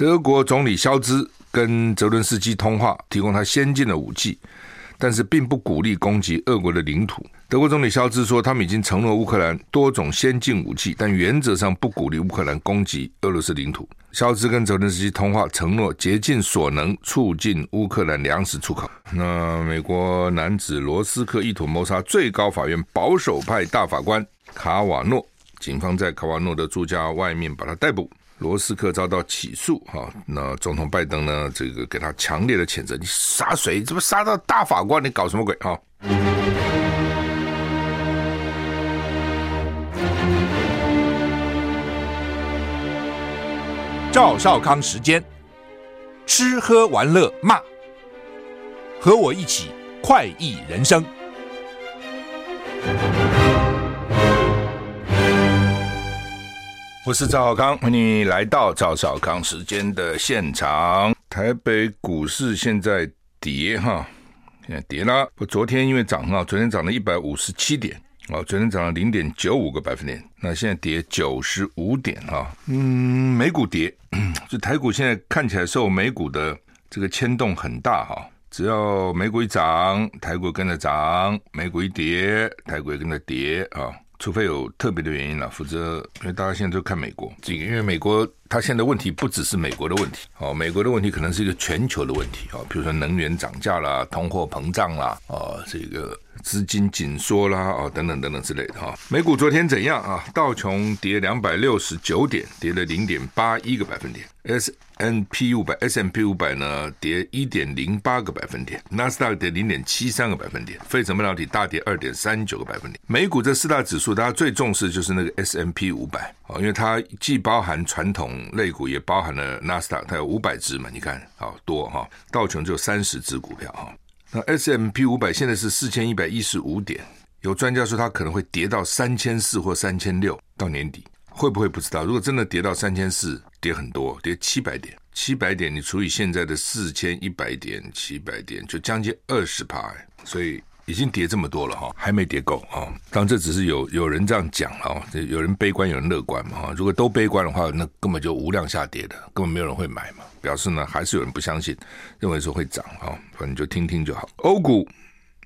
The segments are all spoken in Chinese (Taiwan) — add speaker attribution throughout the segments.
Speaker 1: 德國總理肖茲跟澤倫斯基通話，提供他先進的武器，但是並不鼓勵攻擊俄國的領土。德國總理肖茲說，他們已經承諾烏克蘭多種先進武器，但原則上不鼓勵烏克蘭攻擊俄羅斯領土。肖茲跟澤倫斯基通話，承諾竭盡所能促進烏克蘭糧食出口。那美國男子羅斯克意圖謀殺最高法院保守派大法官卡瓦諾，警方在卡瓦諾的住家外面把他逮捕。羅斯克遭到起訴，哈，那總統拜登呢？這個給他強烈的譴責，你殺誰？怎麼殺到大法官？你搞什麼鬼哈？趙少康時間，吃喝玩樂罵，和我一起快意人生。我是趙少康，歡迎你來到趙少康時間的現場。台北股市現在跌哈，現在跌了。我昨天因為漲啊，昨天漲了一百五十七點啊，昨天漲了零點九五個百分點。那現在跌九十五點啊，嗯，美股跌，就台股現在看起來受美股的這個牽動很大哈。只要美股一漲，台股跟着漲；美股一跌，台股跟着跌啊。除非有特別的原因了、啊，否則因為大家現在都看美國，這個因為美國。它現在問題不只是美國的問題哦，美國的問題可能是一個全球的問題啊、哦，比如說能源漲價啦、通貨膨脹啦、啊、哦、這個資金緊縮啦啊、哦、等等等等之類的哈、哦。美股昨天怎樣啊？道瓊跌兩百六十九點，跌了零點八一個百分點；S&P 五百 S&P 五百呢跌一點零八個百分點；納斯達克跌零點七三個百分點；費城半導體大跌二點三九個百分點。美股這四大指數，大家最重視就是那個 S&P 五百啊，因為它既包含傳統。.類股也包含了 Nasdaq，它有五百隻嘛？你看好多哈，道瓊就三十隻股票哈。那 S M P 五百現在是四千一百一十五點，有專家說它可能會跌到三千四或三千六到年底，會不會不知道？如果真的跌到三千四，跌很多，跌七百點，七百點你除以現在的四千一百點，七百點就將近二十趴，所以。已經跌這麼多了哈，還沒跌夠啊！當然這只是有有人這樣講了啊，有人悲觀，有人樂觀嘛。如果都悲觀的話，那根本就無量下跌的，根本沒有人會買嘛。表示呢，還是有人不相信，認為說會漲哈。反正就聽聽就好。歐股，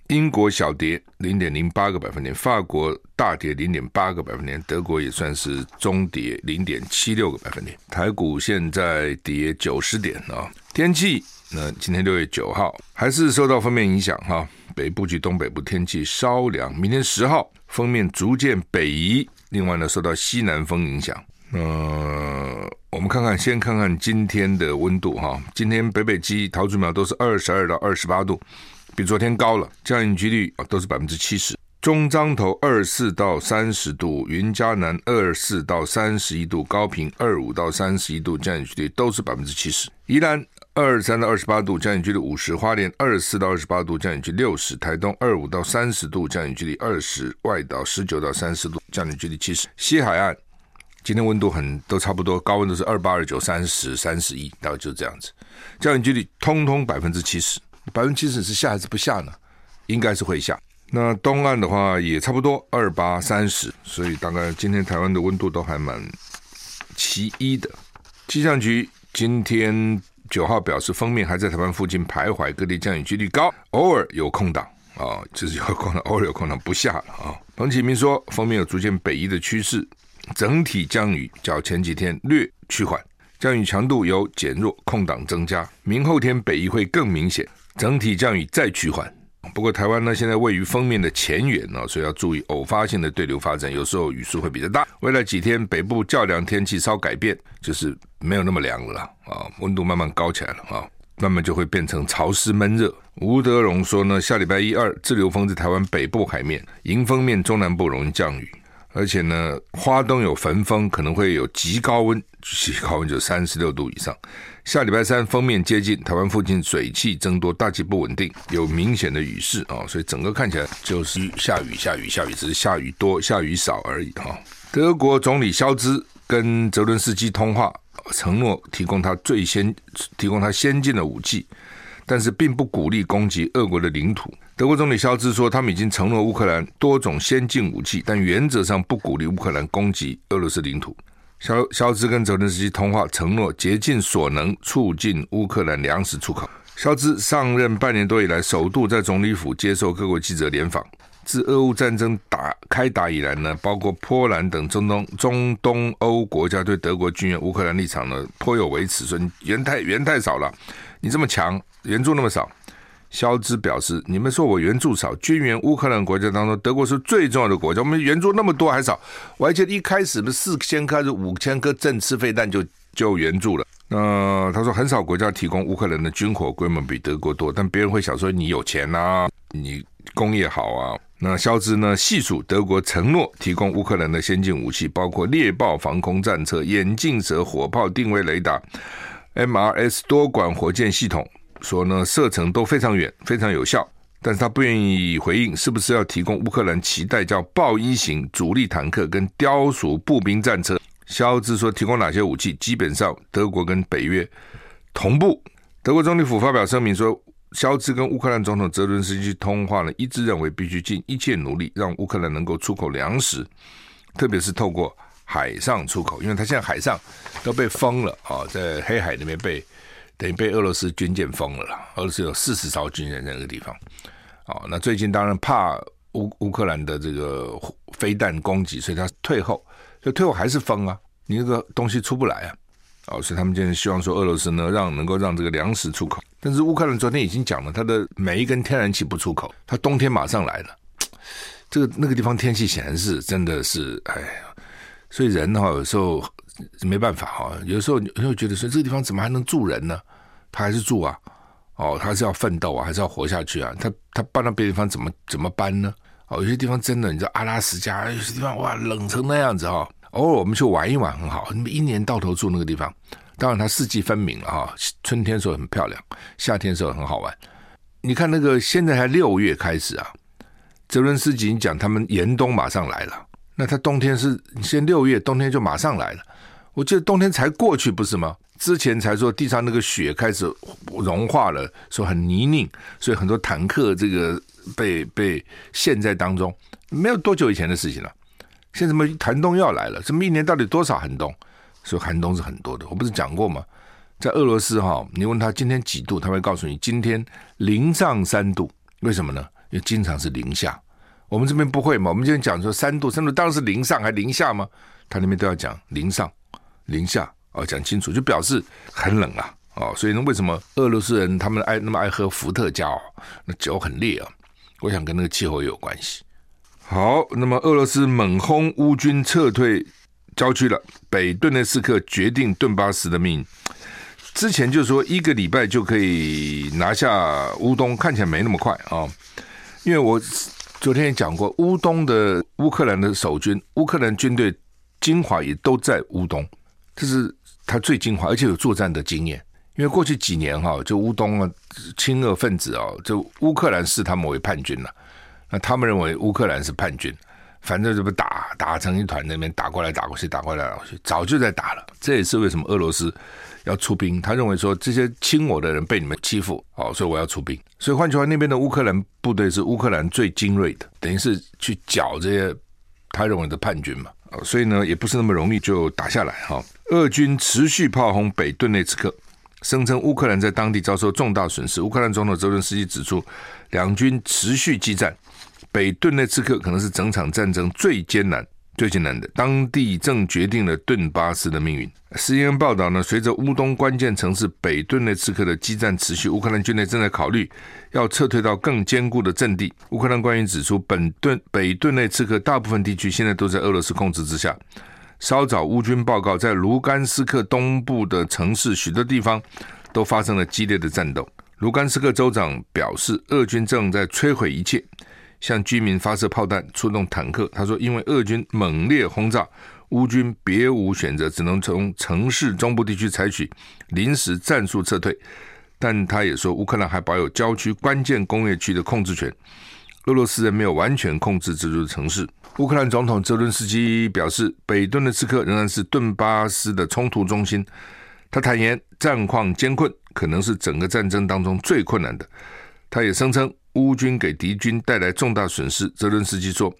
Speaker 1: 英國小跌零點零八個百分點，法國大跌零點八個百分點，德國也算是中跌零點七六個百分點。台股現在跌九十點啊。天氣，那今天六月九號還是受到鋒面影響哈。北部及東北部天氣稍涼，明天十號鋒面逐漸北移。另外呢，受到西南風影響。呃，我們看看，先看看今天的溫度哈。今天北北基桃竹苗都是二十二到二十八度，比昨天高了，降雨幾率啊都是百分之七十。中彰投，二四到三十度，雲嘉南二四到三十一度，高屏二五到三十一度，降雨幾率都是百分之七十。宜蘭，二十三到二十八度降雨機率五十，花蓮二十四到二十八度降雨機率六十，台東二五到三十度降雨機率二十，外島十九到三十度降雨機率七十。西海岸今天溫度很都差不多，高溫都是二八、二九、三十、三十一，大概就是這樣子。降雨機率通通百分之七十，百分之七十是下還是不下呢？應該是會下。那東岸的話也差不多二八、三十，所以大概今天台灣的溫度都還蠻齊一的。氣象局今天。九號表示，鋒面還在台灣附近徘徊，各地降雨幾率高，偶爾有空檔。啊、哦，就是有空檔，偶爾有空檔，不下了啊、哦。彭啟明說，鋒面有逐漸北移的趨勢，整體降雨較前幾天略趨緩，降雨強度有減弱，空檔增加。明後天北移會更明顯，整體降雨再趨緩。不過台灣呢，現在位於鋒面的前緣哦，所以要注意偶發性的對流發展，有時候雨勢會比較大。未來幾天北部較涼，天氣稍改變，就是沒有那麼涼了啊、哦，溫度慢慢高起來了啊、哦，慢慢就會變成潮濕悶熱。吳德榮說呢，下禮拜一二，滯留鋒在台灣北部海面，迎風面中南部容易降雨。而且呢，花東有焚風，可能會有極高溫，極高溫就三十六度以上。下禮拜三鋒面接近台灣附近，水汽增多，大氣不穩定，有明顯的雨勢啊、哦。所以整個看起來就是雨下雨、下雨、下雨，只是下雨多、下雨少而已哈、哦。德國總理肖茲跟澤倫斯基通話，承諾提供他最先提供他先進的武器，但是並不鼓勵攻擊俄國的領土。德國總理肖茲說，他們已經承諾烏克蘭多種先進武器，但原則上不鼓勵烏克蘭攻擊俄羅斯領土。肖肖茲跟澤連斯基通話，承諾竭盡所能促進烏克蘭糧食出口。肖茲上任半年多以來，首度在總理府接受各國記者聯訪。自俄烏戰爭打開打以來呢，包括波蘭等中東中東歐國家對德國軍、軍援烏克蘭立場呢頗有微詞，說，你人太人太少了，你這麼強，援助那麼少。肖茲表示：“你們說我援助少？軍援烏克蘭國家當中，德國是最重要的國家。我們援助那麼多，還少？我還記得一開始的四千顆還是五千顆戰次飛彈就就援助了。那、呃、他說很少國家提供烏克蘭的軍火規模比德國多，但別人會想說你有錢啊，你工業好啊。那肖茲呢，細數德國承諾提供烏克蘭的先進武器，包括獵豹防空戰車、眼鏡蛇火炮、定位雷達、MRS 多管火箭系統。”說呢，射程都非常遠，非常有效，但是他不願意回應是不是要提供烏克蘭期待叫豹一型主力坦克跟貂鼠步兵戰車。肖茲說提供哪些武器，基本上德國跟北約同步。德國總理府發表聲明說，肖茲跟烏克蘭總統澤倫斯基通話呢，一致認為必須盡一切努力讓烏克蘭能夠出口糧食，特別是透過海上出口，因為他現在海上都被封了啊、哦，在黑海那邊被。等於被俄羅斯軍艦封了啦，俄羅斯有四十艘軍艦在那個地方，啊，那最近當然怕烏烏克蘭的這個飛彈攻擊，所以他退後，就退後還是封啊，你那個東西出不來啊，啊，所以他們就是希望說俄羅斯呢，讓能夠讓這個糧食出口，但是烏克蘭昨天已經講了，他的煤跟天然氣不出口，他冬天馬上來了，這個那個地方天氣顯然是真的是哎，所以人的話有時候。沒辦法哈，有時候你會覺得說，這個地方怎麼還能住人呢？他還是住啊，哦，他是要奮鬥啊，還是要活下去啊。他他搬到別的地方怎麼怎麼搬呢？哦，有些地方真的，你知道阿拉斯加有些地方哇冷成那樣子哈、哦。偶爾我們去玩一玩很好，你們一年到頭住那個地方，當然它四季分明了哈。春天時候很漂亮，夏天時候很好玩。你看那個現在才六月開始啊，澤倫斯基講他們嚴冬馬上來了，那他冬天是現在六月冬天就馬上來了。我記得冬天才過去不是嗎？之前才說地上那個雪開始融化了，說很泥濘，所以很多坦克這個被被陷在當中。沒有多久以前的事情了。現在什麼寒冬要來了？這麼一年到底多少寒冬？所以寒冬是很多的。我不是講過嗎？在俄羅斯哈、哦，你問他今天幾度，他會告訴你今天零上三度。為什麼呢？因為經常是零下。我們這邊不會嘛？我們今天講說三度，三度當時零上還零下嗎？他那邊都要講零上。零下啊，講、哦、清楚就表示很冷啊，哦，所以呢，為什麼俄羅斯人他們愛那麼愛喝伏特加哦？那酒很烈啊，我想跟那個氣候也有關係。好，那麼俄羅斯猛轟烏軍，撤退郊區了。北頓涅茨克決定頓巴斯的命，之前就說一個禮拜就可以拿下烏東，看起來沒那麼快啊、哦，因為我昨天也講過，烏東的烏克蘭的守軍，烏克蘭軍隊精華也都在烏東。這是他最精華，而且有作戰的經驗。因為過去幾年哈，就烏東啊，親俄分子哦、啊，就烏克蘭視他們為叛軍了、啊。那他們認為烏克蘭是叛軍，反正就不打，打成一團，那邊打過來打過去，打過來打過去，早就在打了。這也是為什麼俄羅斯要出兵，他認為說這些親我的人被你們欺負，哦，所以我要出兵。所以換句話，那邊的烏克蘭部隊是烏克蘭最精銳的，等於是去剿這些他認為的叛軍嘛。所以呢，也不是那麼容易就打下來哈。俄軍持續炮轟北頓內茨克，聲稱烏克蘭在當地遭受重大損失。烏克蘭總統澤倫斯基指出，兩軍持續激戰，北頓內茨克可能是整場戰爭最艱難。最近難的，當地正決定了頓巴斯的命運。CNN 報道呢，隨着烏東關鍵城市北頓涅茨克的激戰持續，烏克蘭軍隊正在考慮要撤退到更堅固的陣地。烏克蘭官員指出，本頓北頓涅茨克大部分地區現在都在俄羅斯控制之下。稍早，烏軍報告在盧甘斯克東部的城市，許多地方都發生了激烈的戰鬥。盧甘斯克州長表示，俄軍正在摧毀一切。向居民發射炮彈、出動坦克。他說：“因為俄軍猛烈轟炸，烏軍別無選擇，只能從城市中部地區採取臨時戰術撤退。”但他也說，烏克蘭還保有郊區關鍵工業區的控制權。俄羅斯人沒有完全控制這座城市。烏克蘭總統澤倫斯基表示，北頓涅茨克仍然是頓巴斯的衝突中心。他坦言，戰況艱困，可能是整個戰爭當中最困難的。他也聲稱。烏軍給敵軍帶來重大損失，澤倫斯基說：“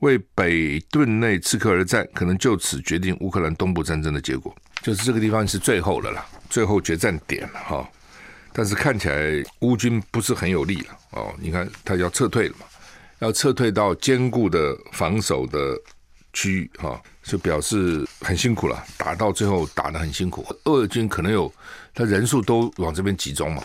Speaker 1: 為北頓涅茨克而戰，可能就此決定烏克蘭東部戰爭的結果。”就是這個地方是最後的了啦，最後決戰點哈、哦。但是看起來烏軍不是很有力了哦。你看，他要撤退了嘛，要撤退到堅固的防守的區域哈，就、哦、表示很辛苦了，打到最後打得很辛苦。俄軍可能有他人數都往這邊集中嘛。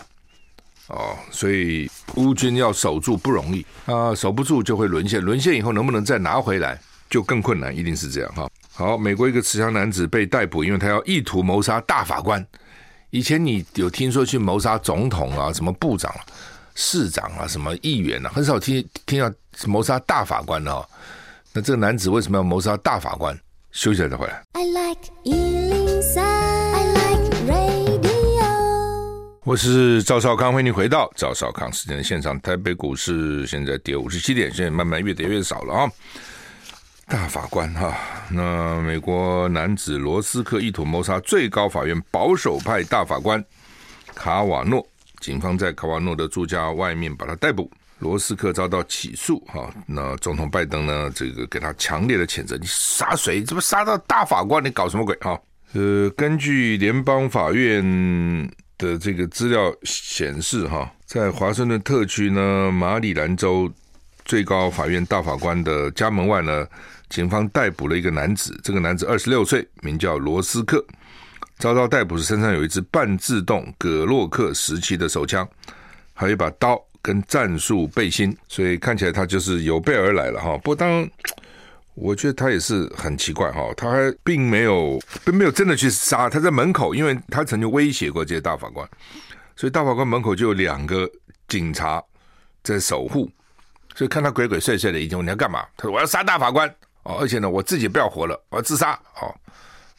Speaker 1: 哦，所以烏軍要守住不容易啊，守不住就會淪陷，淪陷以後能不能再拿回來就更困難，一定是這樣哈、哦。好，美國一個持槍男子被逮捕，因為他要意圖謀殺大法官。以前你有聽說去謀殺總統啊、什麼部長啊、市長啊、什麼議員啊，很少聽聽到謀殺大法官的哦。那這個男子為什麼要謀殺大法官？休息了再回來。I like you. 我是趙少康，歡迎你回到趙少康時間的現場。台北股市現在跌五十七點，現在慢慢越跌越少了啊。大法官哈、啊，那美國男子羅斯克意圖謀殺最高法院保守派大法官卡瓦諾，警方在卡瓦諾的住家外面把他逮捕，羅斯克遭到起訴哈、啊。那總統拜登呢？這個給他強烈的譴責，你殺誰？怎麼殺到大法官？你搞什麼鬼啊？呃，根據聯邦法院。的這個資料顯示，哈，在華盛頓特區呢，馬里蘭州最高法院大法官的家門外呢，警方逮捕了一個男子。這個男子二十六歲，名叫羅斯克。遭到逮捕時，身上有一支半自動格洛克十七的手槍，還有一把刀跟戰術背心。所以看起來他就是有備而來了哈。不過當我覺得他也是很奇怪哈、哦，他還並沒有並沒有真的去殺他在門口，因為他曾經威脅過這些大法官，所以大法官門口就有兩個警察在守護，所以看他鬼鬼祟祟的，已經你要幹嘛？他說我要殺大法官哦，而且呢，我自己不要活了，我要自殺哦。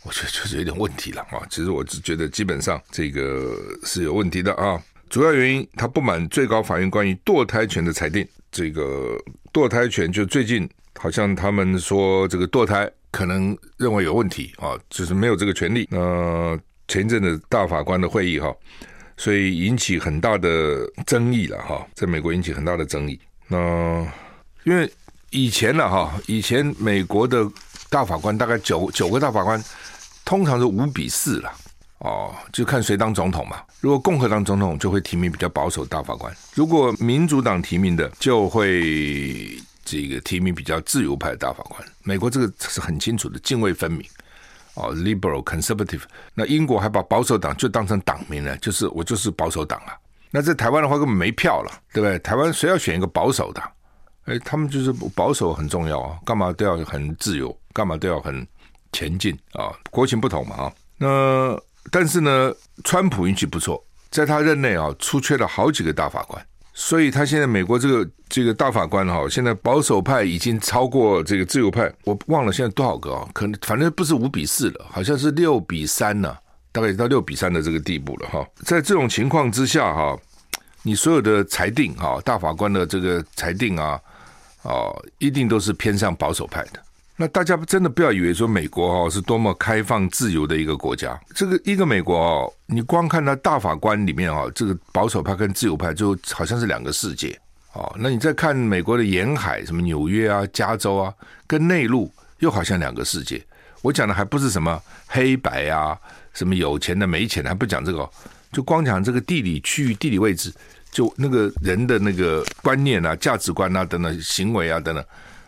Speaker 1: 我覺得就是有點問題了啊、哦，其實我只覺得基本上這個是有問題的啊，主要原因他不滿最高法院關於墮胎權的裁定，這個墮胎權就最近。好像他們說這個墮胎可能認為有問題啊、哦，就是沒有這個權利。那、呃、前一陣的大法官的會議哈、哦，所以引起很大的爭議了哈、哦，在美國引起很大的爭議。那、呃、因為以前呢哈，以前美國的大法官大概九九個大法官通常是五比四了哦，就看誰當總統嘛。如果共和黨總統就會提名比較保守的大法官，如果民主黨提名的就會。是一個提名比較自由派的大法官，美國這個是很清楚的，涇渭分明。哦，liberal conservative，那英國還把保守黨就當成黨名呢，就是我就是保守黨啊。那在台灣的話根本沒票了，對不對？台灣誰要選一個保守黨？哎，他們就是保守很重要啊，幹嘛都要很自由，幹嘛都要很前進啊，哦。國情不同嘛啊，哦。那但是呢，川普運氣不錯，在他任內啊，哦，出缺了好幾個大法官。所以，他現在美國這個這個大法官哈、哦，現在保守派已經超過這個自由派，我忘了現在多少個啊、哦？可能反正不是五比四了，好像是六比三了，啊，大概到六比三的這個地步了哈、哦。在這種情況之下哈、哦，你所有的裁定哈、哦，大法官的這個裁定啊，啊、哦，一定都是偏向保守派的。那大家真的不要以為說美國哦是多麼開放自由的一個國家。這個一個美國哦，你光看它大法官裡面這個保守派跟自由派就好像是兩個世界哦。那你再看美國的沿海，什麼紐約啊、加州啊，跟內陸又好像兩個世界。我講的還不是什麼黑白啊，什麼有錢的沒錢的，還不講這個，就光講這個地理區域、地理位置，就那個人的那個觀念啊、價值觀啊等等、行為啊等等。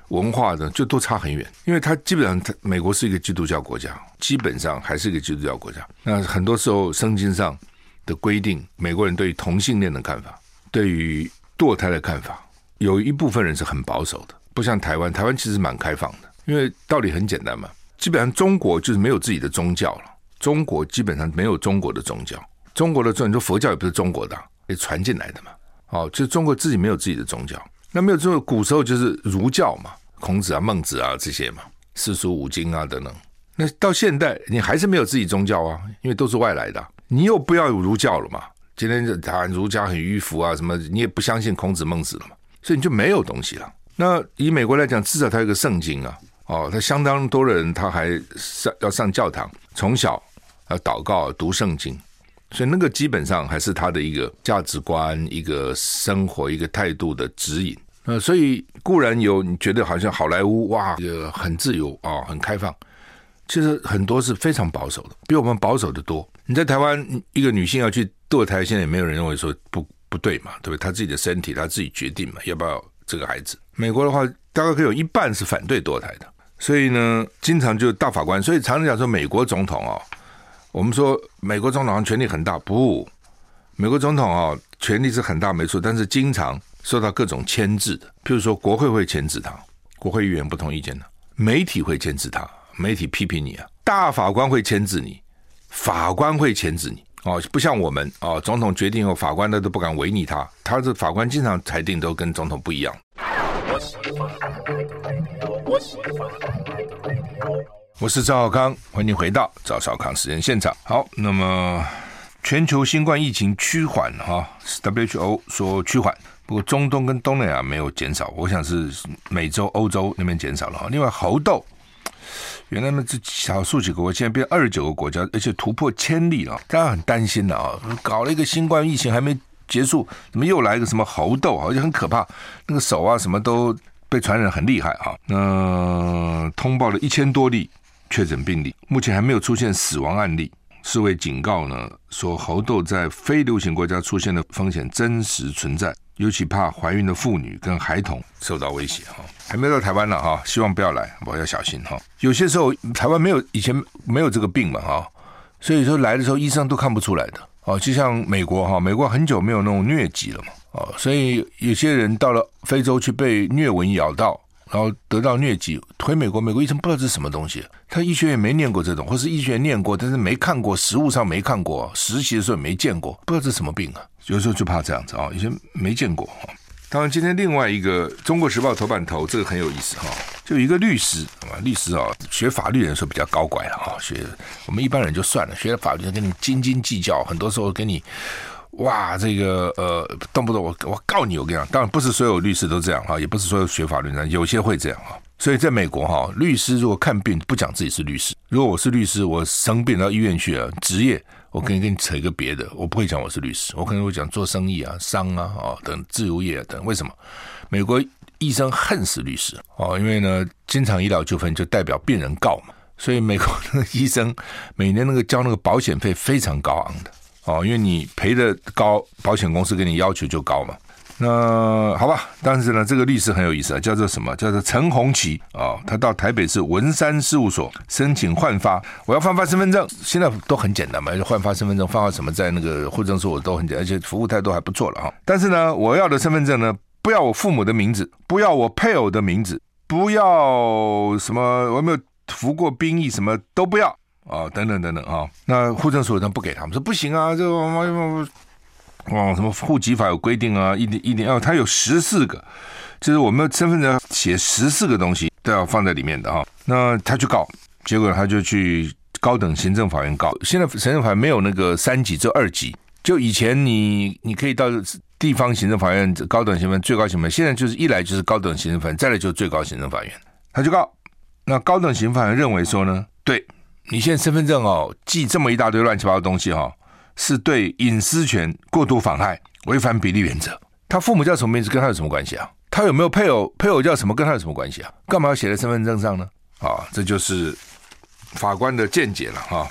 Speaker 1: 文化的就都差很遠，因為它基本上，美國是一個基督教國家，基本上還是一個基督教國家。那很多時候聖經上的規定，美國人對於同性戀的看法，對於墮胎的看法，有一部分人是很保守的。不像台灣，台灣其實蠻開放的，因為道理很簡單嘛。基本上中國就是沒有自己的宗教了，中國基本上沒有中國的宗教，中國的宗教，佛教也不是中國的，也傳進來的嘛。哦，就中國自己沒有自己的宗教。那沒有做古時候就是儒教嘛，孔子啊、孟子啊這些嘛，四書五經啊等等。那到現代，你還是沒有自己宗教啊，因為都是外來的。你又不要儒教了嘛？今天就談儒家很迂腐啊，什麼你也不相信孔子、孟子了嘛？所以你就沒有東西了。那以美國來講，至少他有個聖經啊，哦，他相當多的人他還上要上教堂，從小要禱告、啊、讀聖經，所以那個基本上還是他的一個價值觀、一個生活、一個態度的指引。呃，所以固然有你覺得好像好萊塢哇，這個很自由啊、哦，很開放。其實很多是非常保守的，比我們保守得多。你在台灣，一個女性要去墮胎，現在也沒有人認為說不不對嘛，對不對？她自己的身體，她自己決定嘛，要不要這個孩子？美國的話，大概可以有一半是反對墮胎的。所以呢，經常就大法官，所以常常講說美國總統哦，我們說美國總統權力很大，不？美國總統啊、哦，權力是很大，沒錯，但是經常。受到各種牽制的，譬如說國會會牽制他，國會議員不同意見的，媒體會牽制他，媒體批評你啊，大法官會牽制你，法官會牽制你哦，不像我們哦，總統決定後，法官的都不敢違逆他，他這法官，經常裁定都跟總統不一樣。我是趙少康，歡迎回到趙少康時間現場。好，那麼全球新冠疫情趨緩哈、哦，WHO 說趨緩。不過中東跟東南亞沒有減少，我想是美洲、歐洲那邊減少了。另外猴痘，原來呢這少數幾個國家，現在變二十九個國家，而且突破千例了，大家很擔心的啊。搞了一個新冠疫情還沒結束，怎麼又來一個什麼猴痘啊？就很可怕，那個手啊什麼都被傳染很厲害啊。那通報了一千多例確診病例，目前還沒有出現死亡案例。世衛警告呢，說猴痘在非流行國家出現的風險真實存在。尤其怕懷孕的婦女跟孩童受到威脅哈，還沒到台灣呢哈，希望不要來，我要小心哈。有些時候台灣沒有以前沒有這個病嘛哈，所以說來的時候醫生都看不出來的哦。就像美國哈，美國很久沒有那種瘧疾了嘛哦，所以有些人到了非洲去被瘧蚊咬到，然後得到瘧疾，回美國，美國醫生不知道這是什麼東西，他醫學院沒念過這種，或是醫學院念過但是沒看過實物上沒看過，實習的時候也沒見過，不知道這是什麼病啊。有時候就怕這樣子啊、哦，以前沒見過。當然，今天另外一個《中國時報》頭版頭，這個很有意思哈、哦。就一個律師啊，律師啊、哦，學法律人的人說比較高乖了哈。學我們一般人就算了，學了法律就跟你斤斤計較，很多時候跟你哇，這個呃，動不動我我告你，我跟你講。當然不是所有律師都這樣啊，也不是所有學法律的有些會這樣啊。所以在美國哈、哦，律師如果看病不講自己是律師，如果我是律師，我生病到醫院去了，職業。我可以跟你扯一個別的，我不會講我是律師，我可能會講做生意啊、商啊、哦、等自由業、啊、等。為什麼？美國醫生恨死律師哦，因為呢，經常醫療糾紛就代表病人告嘛，所以美國的醫生每年那個交那個保險費非常高昂的哦，因為你賠的高，保險公司給你要求就高嘛。那好吧，但是呢，這個律師很有意思啊，叫做什麼？叫做陳紅旗啊，他到台北市文山事務所申請換發，我要換發身份證，現在都很簡單嘛，換發身份證，換發什麼，在那個戶政所我都很簡單，而且服務態度還不錯了啊、哦。但是呢，我要的身份證呢，不要我父母的名字，不要我配偶的名字，不要什麼我有沒有服過兵役，什麼都不要啊、哦，等等等等啊、哦。那戶政所呢不給，他們說不行啊，這我，我，我哦，什麼戶籍法有規定啊？一點一點哦，他有十四個，就是我們身份證寫十四個東西都要放在裡面的哈、哦。那他去告，結果他就去高等行政法院告。現在行政法院沒有那個三級，只有二級。就以前你你可以到地方行政法院、高等行政，最高行政法院，現在就是一來就是高等行政法院，再來就是最高行政法院。他就告，那高等行政法院認為說呢，對你現在身份證哦，記這麼一大堆亂七八糟的東西哈、哦。是對隱私權過度妨害，違反比例原則。他父母叫什麼名字，跟他有什麼關係啊？他有沒有配偶？配偶叫什麼，跟他有什麼關係啊？幹嘛要寫在身份證上呢？啊、哦，這就是法官的見解了哈、哦。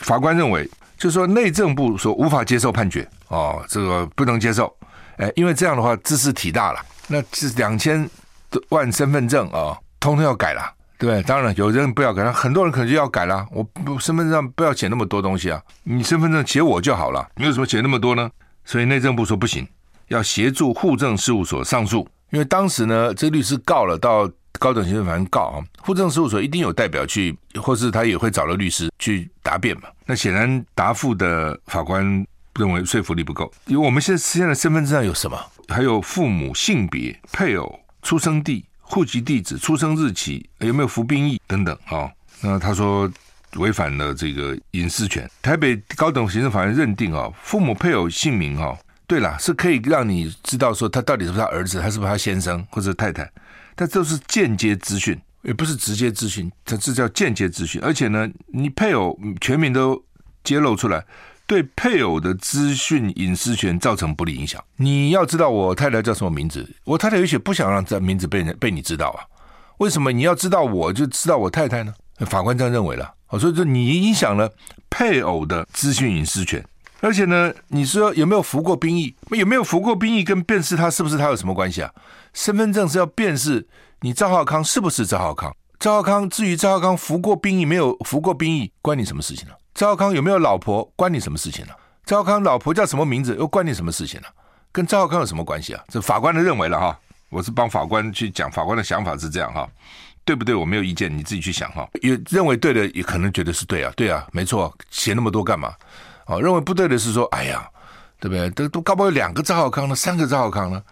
Speaker 1: 法官認為，就是說內政部所無法接受判決，哦，這個不能接受，哎、欸，因為這樣的話，茲事體大了，那這兩千萬身份證啊、哦，通通要改了。對，當然有人不要改，很多人可能就要改了。我身份證上不要寫那麼多東西啊，你身份證寫我就好了，你為什麼寫那麼多呢？所以內政部說不行，要協助戶政事務所上訴，因為當時呢，這律師告了到高等行政法院告啊，戶政事務所一定有代表去，或是他也會找了律師去答辯嘛。那顯然答覆的法官認為說服力不夠，因為我們現在現在的身份證上有什麼？還有父母性別、配偶、出生地。戶籍地址、出生日期、有沒有服兵役等等啊、哦，那他說違反了這個隱私權。台北高等行政法院認定啊、哦，父母配偶姓名啊、哦，對了，是可以讓你知道說他到底是不是他兒子，還是不是他先生或者太太，但這是間接資訊，也不是直接資訊，這這叫間接資訊。而且呢，你配偶全名都揭露出來。對配偶的資訊隱私權造成不利影響。你要知道我太太叫什麼名字，我太太有些不想讓這名字被人被你知道啊。為什麼你要知道我就知道我太太呢？法官這樣認為了，所以說你影響了配偶的資訊隱私權。而且呢，你說有沒有服過兵役？有沒有服過兵役跟辨識他是不是他有什麼關係啊？身份證是要辨識你趙少康是不是趙少康。趙少康至於趙少康服過兵役沒有服過兵役，關你什麼事情呢、啊？趙少康有沒有老婆關你什麼事情呢、啊？趙少康老婆叫什麼名字又關你什麼事情呢、啊？跟趙少康有什麼關係啊？這法官的認為了哈，我是幫法官去講，法官的想法是這樣哈，對不對？我沒有意見，你自己去想哈。也認為對的，也可能覺得是對啊，對啊，沒錯，寫那麼多幹嘛？哦，認為不對的是說，哎呀，對不對？都都，搞不好有兩個趙少康呢？三個趙少康呢？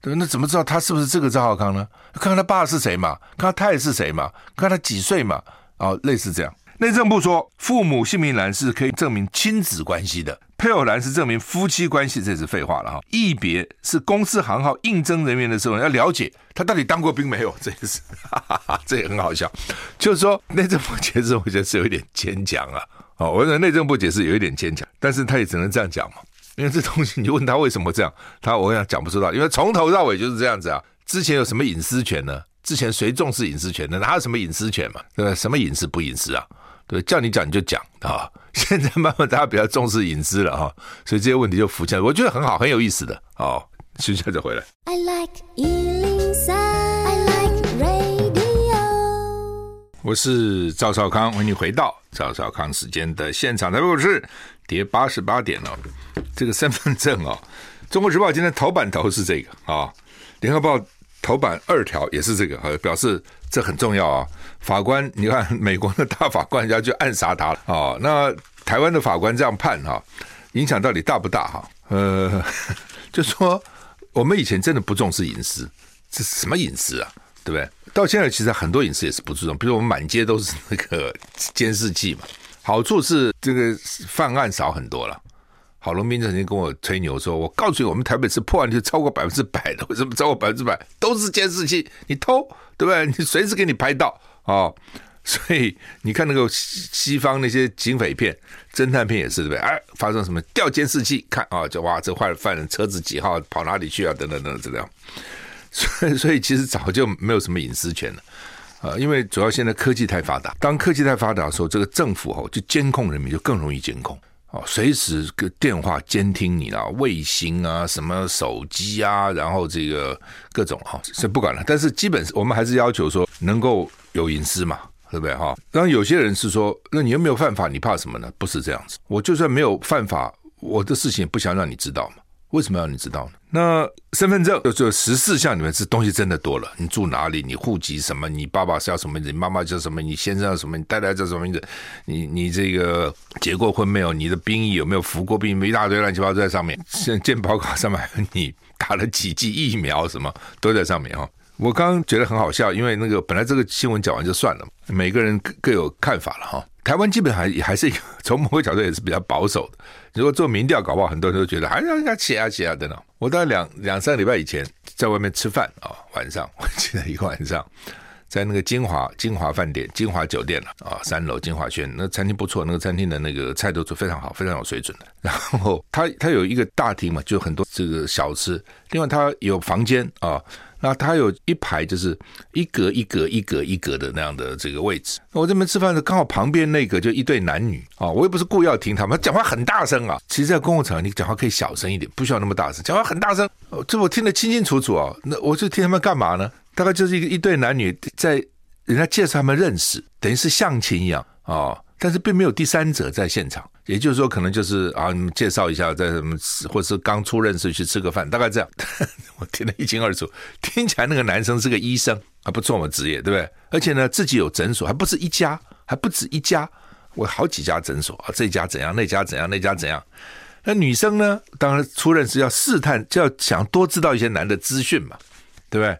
Speaker 1: 對，不對，那怎麼知道他是不是這個趙少康呢？看，看他爸是誰嘛，看，看他太是誰嘛，看，看他幾歲嘛，哦，類似這樣。內政部說，父母姓名欄是可以證明親子關係的，配偶欄是證明夫妻關係，這是廢話了哈。異別是公司行號應徵人員的時候要了解他到底當過兵沒有，這也是，哈哈哈哈這也很好笑。就是說，內政部解釋我覺得是有一點牽強了啊。哦，我認為內政部解釋有一點牽強，但是他也只能這樣講嘛，因為這東西你問他為什麼這樣，他我跟他講不知道，因為從頭到尾就是這樣子啊。之前有什麼隱私權呢？之前誰重視隱私權呢？哪有什麼隱私權嘛？對不對？什麼隱私不隱私啊？對，叫你講你就講啊、哦！現在慢慢大家比較重視隱私了哈、哦，所以這些問題就浮起來。我覺得很好，很有意思的。好，休息再回來。I like 103，I like radio。我是趙少康，歡迎你回到趙少康時間的現場。台北股市跌八十八點哦。這個身份證哦，《中國時報》今天頭版頭是這個啊，哦，《聯合報》頭版二條也是這個，表示這很重要啊、哦。法官，你看美國的大法官人家就暗殺他了哦。那台灣的法官這樣判哈、啊，影響到底大不大哈、啊？呃，就說我們以前真的不重視隱私，這是什麼隱私啊？對不對？到現在其實很多隱私也是不注重，比如我們滿街都是那個監視器嘛。好處是這個犯案少很多了。郝龍斌曾經跟我吹牛說：“我告訴你，我們台北是破案率超過百分之百的。為什麼超過百分之百？都是監視器，你偷對不對？你隨時給你拍到。”哦，所以你看那個西西方那些警匪片、偵探片也是對不對？哎，發生什麼調監視器看啊，就哇，這壞了，犯人車子幾號，跑哪裡去啊？等等等等這樣。所以，所以其實早就沒有什麼隱私權了啊，因為主要現在科技太發達。當科技太發達的時候，這個政府哦就監控人民就更容易監控哦，隨時電話監聽你了，衛星啊，什麼手機啊，然後這個各種哈，這不管了。但是，基本我們還是要求說能夠。有隱私嘛？對不對哈？然後有些人是說，那你又沒有犯法，你怕什麼呢？不是這樣子。我就算沒有犯法，我的事情也不想讓你知道嘛。為什麼要你知道呢？那身份證就十四項裡面是東西真的多了。你住哪裡？你戶籍什麼？你爸爸叫什麼名字？你媽媽叫什麼？你先生叫什麼？你太太叫什麼名字？你你這個結過婚沒有？你的兵役有沒有服過兵役？一大堆亂七八糟在上面。現健保卡上面還有你打了幾劑疫苗？什麼都在上面哈。我剛剛覺得很好笑，因為那個本來這個新聞講完就算了，每個人各有看法了哈。台灣基本還還是從某個角度也是比較保守的。如果做民調，搞不好很多人都覺得哎呀，讓人家起啊起啊等等。我大概兩兩三個禮拜以前在外面吃飯啊，晚上我記得一個晚上在那個金華金華飯店金華酒店了啊，啊，三樓金華軒那餐廳不錯，那個餐廳的那個菜都做非常好，非常有水準的。然後它他，他有一個大廳嘛，就很多這個小吃，另外他有房間啊。那它有一排，就是一格一格一格一格的那樣的這個位置。我這邊吃飯的剛好旁邊那個就一對男女啊、哦，我也不是故意要聽他們講話很大聲啊。其實，在公共場合你講話可以小聲一點，不需要那麼大聲。講話很大聲，這我聽得清清楚楚啊、哦。那我就聽他們幹嘛呢？大概就是一個一對男女在人家介紹他們認識，等於是相親一樣啊、哦。但是並沒有第三者在現場，也就是說，可能就是啊，你們介紹一下，在什麼，或者是剛初認識去吃個飯，大概這樣。呵呵，我聽得一清二楚，聽起來那個男生是個醫生，還不錯嘛，職業，對不對？而且呢，自己有診所，還不是一家，還不止一家，我好幾家診所啊，這家怎樣，那家怎樣，那家怎樣。那女生呢，當然初認識要試探，就要想多知道一些男的資訊嘛，對不對？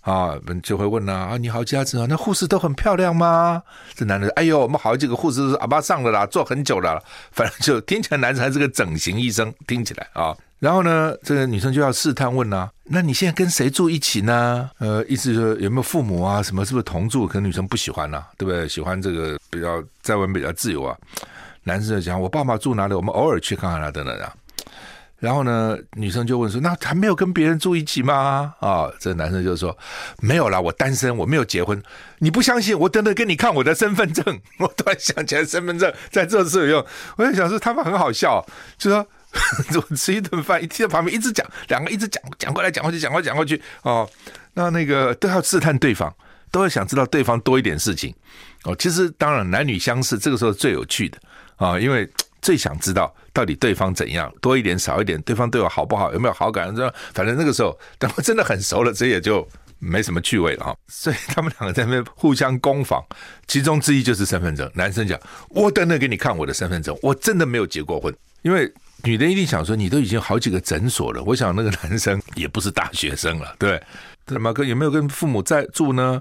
Speaker 1: 啊、哦，就會問呢啊，啊，你好，家子啊，那護士都很漂亮嗎？這男的，說，哎呦，我們好幾個護士都是阿爸上的了啦，做很久了。反正就聽起來，男生還是個整形醫生，聽起來啊、哦。然後呢，這個女生就要試探問呢、啊，那你現在跟誰住一起呢？呃，意思說有沒有父母啊？什麼是不是同住？可能女生不喜歡啦、啊，對不對？喜歡這個比較在外面比較自由啊。男生就講，我爸媽住哪裡，我們偶爾去看看他等等啊。然後呢，女生就問說：“那還沒有跟別人住一起嗎？”啊、哦，這男生就說：“沒有了，我單身，我沒有結婚。”你不相信？我等等跟你看我的身份證。我突然想起來，身份證在這次有用。我就想說他們很好笑、哦，就說呵呵：“我吃一頓飯，一在旁邊一直講，兩個一直講，講過來，講過去，講過來，講過去，哦，那那個都要試探對方，都要想知道對方多一點事情。哦，其實當然男女相似，這個時候最有趣的啊、哦，因為。”最想知道到底對方怎樣，多一點少一點，對方對我好不好，有沒有好感？反正那個時候，等我真的很熟了，這也就沒什麼趣味了啊。所以他們兩個在那邊互相攻防，其中之一就是身份證。男生講，我等等給你看我的身份證，我真的沒有結過婚。因為女人一定想說，你都已經好幾個診所了。我想那個男生也不是大學生了，對？怎麼跟有沒有跟父母在住呢？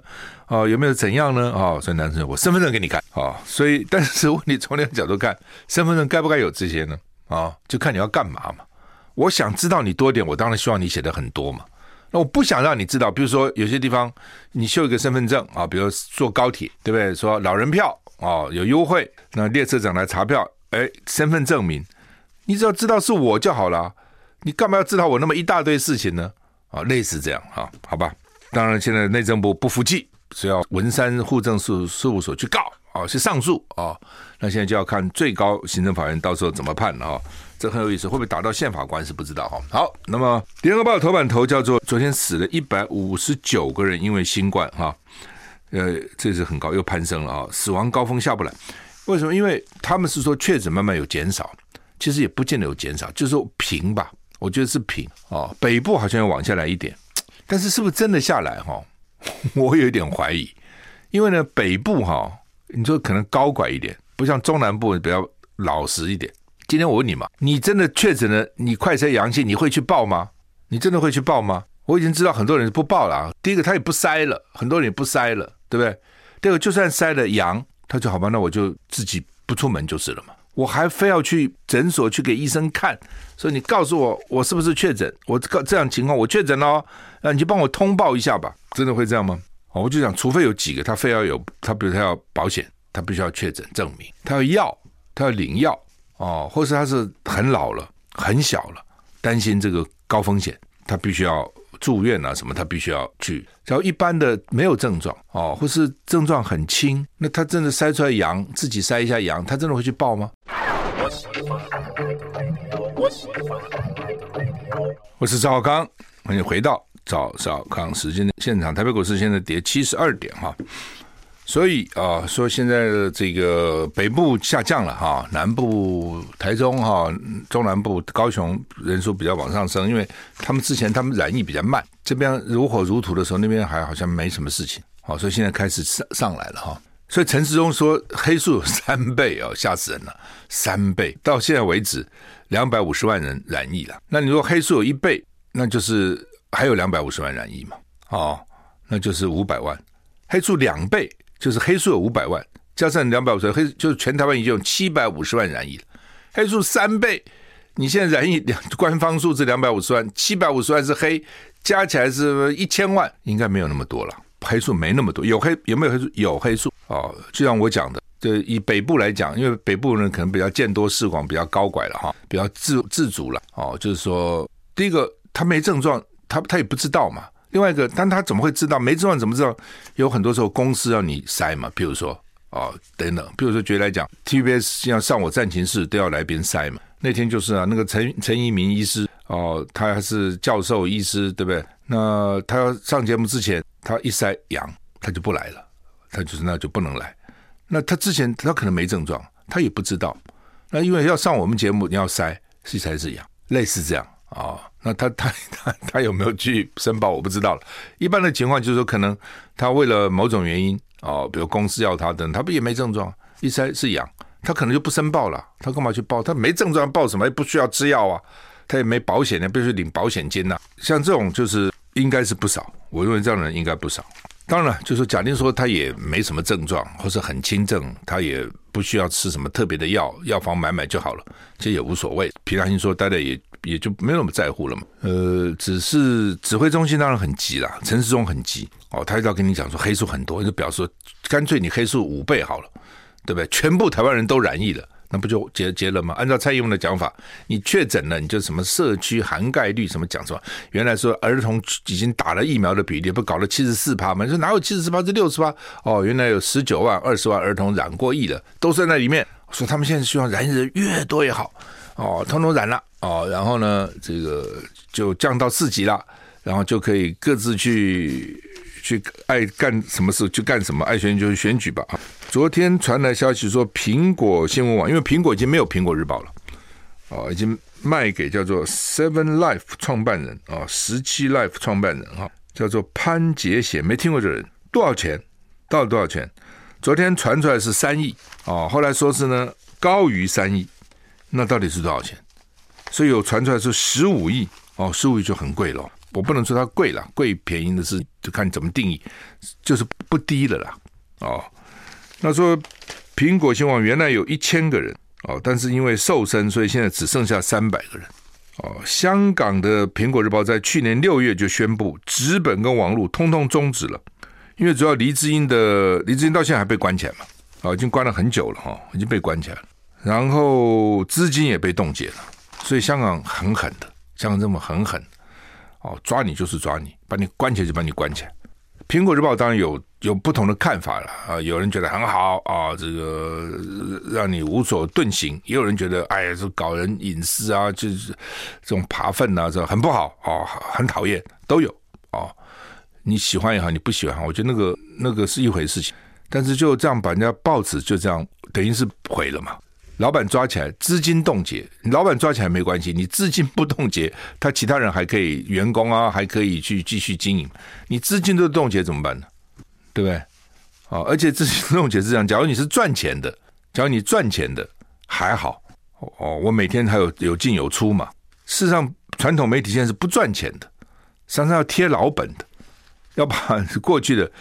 Speaker 1: 哦，有沒有怎樣呢？啊、哦，所以男生，我身份證給你看啊、哦。所以，但是問你，從那個角度看，身份證該不該有這些呢？啊、哦，就看你要幹嘛嘛。我想知道你多點，我當然希望你寫的很多嘛。那我不想讓你知道，比如說有些地方你秀一個身份證啊、哦，比如說坐高鐵，對不對？說老人票啊、哦、有優惠，那列車長來查票，哎、欸，身份證明，你只要知道是我就好了。你幹嘛要知道我那麼一大堆事情呢？啊、哦，類似這樣哈、哦，好吧。當然，現在內政部不服氣。是要文山戶政事事務所去告啊，去上訴啊、哦，那現在就要看最高行政法院到時候怎麼判了啊、哦，這很有意思，會不會打到憲法官司不知道哈、哦。好，那麼第二個報頭版頭叫做“昨天死了一百五十九個人，因為新冠哈、哦，呃，這是很高，又攀升了啊、哦，死亡高峰下不來，為什麼？因為他們是說確診慢慢有減少，其實也不見得有減少，就是說平吧，我覺得是平啊、哦，北部好像要往下來一點，但是是不是真的下來哈？哦 我有一點懷疑，因為呢，北部哈、啊，你說可能高拐一點，不像中南部比較老實一點。今天我問你嘛，你真的確診了，你快篩陽性，你會去報嗎？你真的會去報嗎？我已經知道很多人不報了、啊。第一個，他也不篩了，很多人也不篩了，對不對？第二個，就算篩了陽，他就好吧，那我就自己不出門就是了嘛。我還非要去診所去給醫生看，所以你告訴我，我是不是確診？我這樣情況我確診了，啊，你就幫我通報一下吧。真的會這樣嗎？我就想，除非有幾個他非要有，他比如他要保險，他必須要確診證明，他要藥，他要領藥哦，或是他是很老了、很小了，擔心這個高風險，他必須要。住院啊什麼，他必須要去。然後一般的沒有症狀哦，或是症狀很輕，那他真的篩出來陽，自己篩一下陽，他真的會去報嗎？我是趙少康，歡迎回到趙少康時間的現場。台北股市現在跌七十二點哈。所以啊，說現在的這個北部下降了哈，南部、台中哈、中南部、高雄人數比較往上升，因為他們之前他們染疫比較慢，這邊如火如荼的時候，那邊還好像沒什麼事情。好，所以現在開始上上來了哈。所以陳時中說黑數有三倍啊，嚇死人了，三倍到現在為止兩百五十萬人染疫了。那你說黑數有一倍，那就是還有兩百五十萬染疫嘛。哦，那就是五百萬。黑數兩倍，就是黑數有五百萬，加上兩百五十萬黑，就是全台灣已經有七百五十萬染疫了。黑數三倍，你現在染疫兩，官方數是兩百五十萬，七百五十萬是黑，加起來是一千萬，應該沒有那麼多了。黑數沒那麼多，有黑，有沒有黑數？有黑數哦，就像我講的，就以北部來講，因為北部人可能比較見多識廣，比較高拐了哈，比較自自主了哦。就是說，第一個他沒症狀，他他也不知道嘛。另外一個，但他怎麼會知道？沒症狀怎麼知道？有很多時候公司讓你篩嘛，比如說哦等等，dinner, 比如說舉例來講，TVBS 要上我《戰情室》都要來邊篩嘛。那天就是啊，那個陳陳宜民醫師哦，他是教授醫師對不對？那他要上節目之前，他一篩陽，他就不來了，他就是那就不能來。那他之前他可能沒症狀，他也不知道。那因為要上我們節目，你要篩，才是篩是陽，類似這樣啊。哦那他他他他有沒有去申報？我不知道了。一般的情況就是說，可能他為了某種原因，哦，比如公司要他等，他不也沒症狀？一篩是陽，他可能就不申報了。他幹嘛去報？他沒症狀，報什麼？不需要吃藥啊，他也沒保險，他必須領保險金吶、啊。像這種就是應該是不少，我認為這樣的人應該不少。當然了，就是假定說他也沒什麼症狀，或者很輕症，他也不需要吃什麼特別的藥，藥房買買就好了，這也無所謂。憑良心說，大家也。也就沒有那麼在乎了嘛，呃，只是指揮中心當然很急啦，陳時中很急哦，他就要跟你講說黑數很多，就表示乾脆你黑數五倍好了，對不對？全部台灣人都染疫了，那不就結結了嗎？按照蔡英文的講法，你確診了你就什麼社區涵蓋率什麼講什麼，原來說兒童已經打了疫苗的比例不搞了七十四趴嘛，你說哪有七十四趴這六十八哦，原來有十九萬二十萬兒童染過疫的，都算在裡面，說他們現在希望染疫的人越多越好，哦，通通染了。哦，然後呢，這個就降到四級了，然後就可以各自去去愛幹什麼事就幹什麼，愛選舉就是、選舉吧。昨天傳來消息說，蘋果新聞網因為蘋果已經沒有蘋果日報了，哦，已經賣給叫做 Seven Life 創辦人哦十七 Life 創辦人哈、哦，叫做潘杰賢，沒聽過這個人，多少錢？到底多少錢？昨天傳出來是三億，哦，後來說是呢高於三億，那到底是多少錢？所以有傳出來說十五億哦，十五億就很貴了。我不能說它貴了，貴便宜的是就看你怎麼定義，就是不低了啦哦。那說蘋果新網原來有一千個人哦，但是因為瘦身，所以現在只剩下三百個人哦。香港的《蘋果日報》在去年六月就宣布紙本跟網絡通通終止了，因為主要黎智英的黎智英到現在還被關起來嘛，哦，已經關了很久了哈，哦，已經被關起來了，然後資金也被凍結了。所以香港很狠，狠的，香港這麼很狠，哦，抓你就是抓你，把你關起來就把你關起來。蘋果日報當然有有不同的看法了啊，有人覺得很好啊，這個讓你無所遁形；也有人覺得哎呀，這搞人隱私啊，就是這種扒糞啊，這很不好哦，很討厭，都有哦，你喜歡也好，你不喜歡，我覺得那個那個是一回事情，但是就這樣把人家報紙就這樣等於是毀了嘛。老闆抓起來，資金凍結。你老闆抓起來沒關係，你資金不凍結，他其他人還可以，員工啊還可以去繼續經營。你資金都凍結怎麼辦呢？對不對？啊、哦，而且資金凍結是這樣，假如你是賺錢的，假如你賺錢的還好，哦，我每天還有有進有出嘛。事實上，傳統媒體現在是不賺錢的，常常要貼老本的，要把過去的。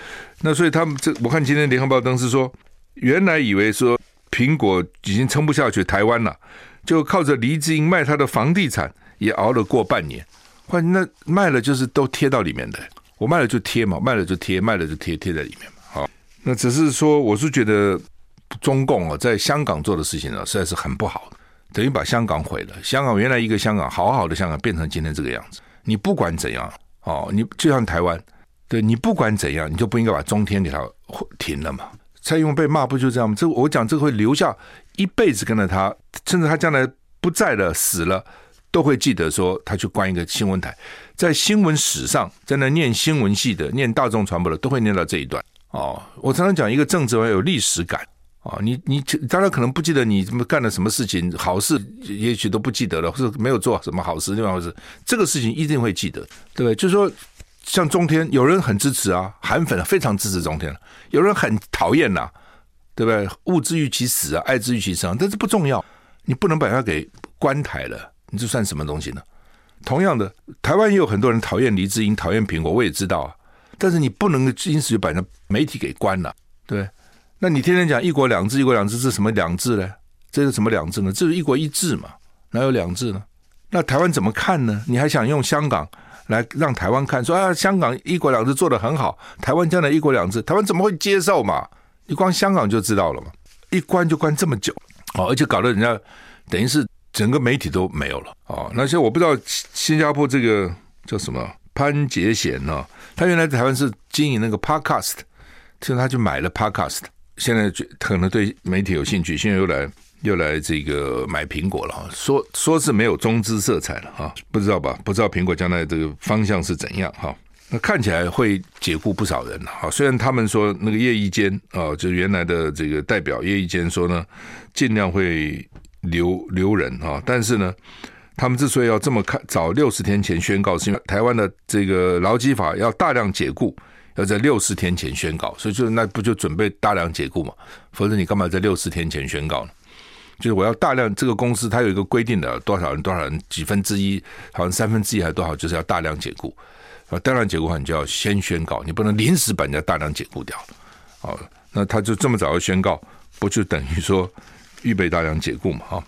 Speaker 1: 那所以他們這，我看今天聯合報登是說，原來以為說。蘋果已經撐不下去台灣了，啊，就靠着黎智英賣他的房地產也熬了過半年。換那賣了就是都貼到裡面的，我賣了就貼嘛，賣了就貼，賣了就貼，貼在裡面嘛。好，哦，那只是說，我是覺得中共啊，哦，在香港做的事情呢，哦，實在是很不好，等於把香港毀了。香港原來一個香港好好的香港，變成今天這個樣子。你不管怎樣哦，你就像台灣，對你不管怎樣，你就不應該把中天給他停了嘛。蔡英文被罵不就這樣嗎？這我講，這個會留下一輩子跟着他，甚至他將來不在了、死了，都會記得說他去關一個新聞台，在新聞史上，在那念新聞系的、念大眾傳播的，都會念到這一段。哦，我常常講，一個政治要有歷史感。哦，你你當然可能不記得你幹了什麼事情，好事也許都不記得了，或者沒有做什麼好事，另外是這個事情一定會記得，對不對？就說。像中天，有人很支持啊，韓粉非常支持中天了。有人很討厭吶、啊，對不對？物之欲其死啊，愛之欲其生、啊，但是不重要。你不能把它給關台了，你這算什麼東西呢？同樣的，台灣也有很多人討厭黎智英，討厭蘋果，我也知道啊。但是你不能因此就把人家媒體給關了，對，對？那你天天講一國兩制，一國兩制是什麼兩制呢？這是什麼兩制呢？這是“一國一制”嘛，哪有兩制呢？那台灣怎麼看呢？你還想用香港，來讓台灣看，說啊，香港一國兩制做得很好，台灣將來一國兩制，台灣怎麼會接受嘛？你光香港就知道了嘛，一關就關這麼久，哦，而且搞得人家等於是整個媒體都沒有了，哦，那些我不知道新加坡這個叫什麼潘傑賢呢，哦，他原來在台灣是經營那個 Podcast，現在他去買了 Podcast，現在可能對媒體有興趣，現在又來。又來這個買蘋果了，說說是沒有中資色彩了哈，不知道吧？不知道蘋果將來這個方向是怎樣哈？那看起來會解僱不少人哈。雖然他們說那個葉一堅啊，就原來的這個代表葉一堅說呢，盡量會留留人，但是呢，他們之所以要這麼看，早六十天前宣告，是因為台灣的這個勞基法要大量解僱，要在六十天前宣告，所以就那不就準備大量解僱嘛？否則你幹嘛在六十天前宣告呢？就是我要大量這個公司，它有一個規定的多少人多少人幾分之一，好像三分之一還是多少，就是要大量解雇啊。大量解雇的話，你就要先宣告，你不能臨時把人家大量解雇掉啊。那他就這麼早要宣告，不就等於說預備大量解雇嘛？哈，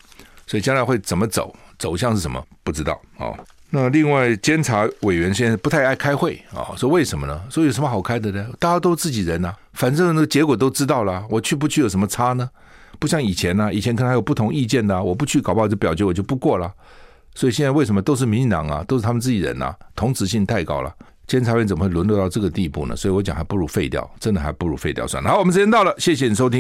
Speaker 1: 所以將來會怎麼走，走向是什麼，不知道啊。那另外監察委員現在不太愛開會啊，說為什麼呢？說有什麼好開的呢？大家都自己人吶，啊，反正那個結果都知道了，我去不去有什麼差呢？不像以前呢、啊，以前可能還有不同意見的、啊，我不去搞不好就表決我就不過了。所以現在為什麼都是民進黨啊，都是他們自己人呐、啊，同質性太高了。監察院怎麼會淪落到這個地步呢？所以我講還不如廢掉，真的還不如廢掉算了。好，我們時間到了，謝謝你收聽。